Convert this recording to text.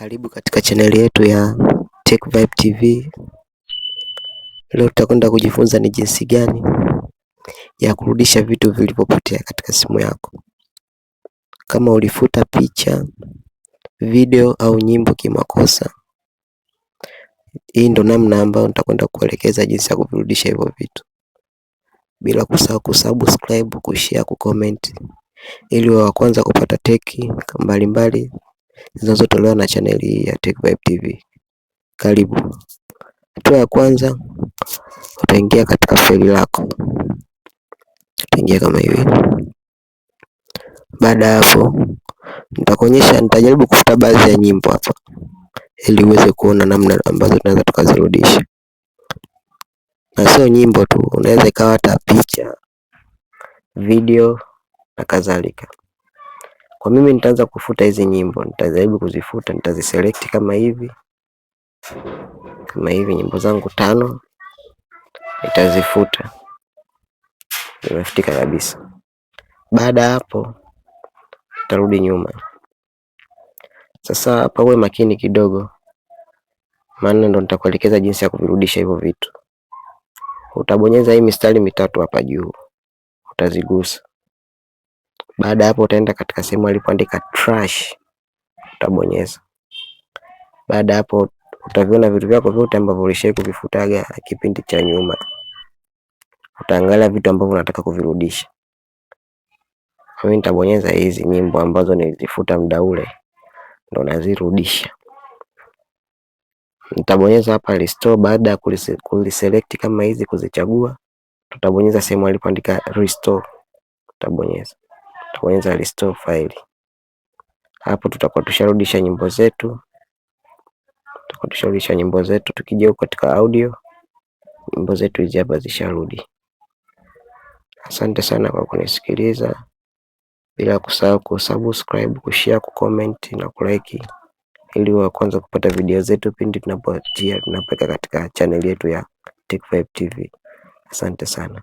Karibu katika chaneli yetu ya Tech Vibe TV. Leo tutakwenda kujifunza ni jinsi gani ya kurudisha vitu vilivyopotea katika simu yako, kama ulifuta picha, video au nyimbo kimakosa. Hii ndo namna ambayo nitakwenda kuelekeza jinsi ya kuvirudisha hivyo vitu, bila kusahau kusubscribe, kushare, kucomment ili wa kwanza kupata teki mbalimbali zinazotolewa na chaneli hii ya Tech Vibe TV. Karibu. Hatua ya kwanza, utaingia katika faili lako, utaingia kama hivi. Baada ya hapo, nitakuonyesha, nitajaribu kufuta baadhi ya nyimbo hapa ili uweze kuona namna ambazo tunaweza tukazirudisha, na sio nyimbo tu, unaweza ikawa hata picha, video na kadhalika. Kwa mimi nitaanza kufuta hizi nyimbo, nitajaribu kuzifuta, nitaziselect kama hivi, kama hivi, nyimbo zangu tano nitazifuta, zimefutika kabisa. Baada hapo tarudi nyuma. Sasa hapa uwe makini kidogo, maana ndo nitakuelekeza jinsi ya kuvirudisha hivyo vitu. Utabonyeza hii mistari mitatu hapa juu, utazigusa baada ya hapo utaenda katika sehemu alipoandika trash utabonyeza. Baada ya hapo utaviona vitu vyako vyote ambavyo ulishai kuvifutaga kipindi cha nyuma. Utaangalia vitu ambavyo unataka kuvirudisha. Mimi nitabonyeza hizi nyimbo ambazo nilizifuta muda ule ndo nazirudisha. Nitabonyeza hapa restore. Baada ya kuliselect kama hizi kuzichagua, tutabonyeza sehemu alipoandika restore, tutabonyeza tubonyeza restore file. Hapo tutakuwa tusharudisha nyimbo zetu, tutakuwa tusharudisha nyimbo zetu. Tukija huko katika audio, nyimbo zetu hizi hapa zisharudi. Asante sana kwa kunisikiliza, bila kusahau kusubscribe, kushare, kucomment na kulike ili wa kwanza kupata video zetu pindi tunapoweka katika chaneli yetu ya Tech5 TV. Asante sana.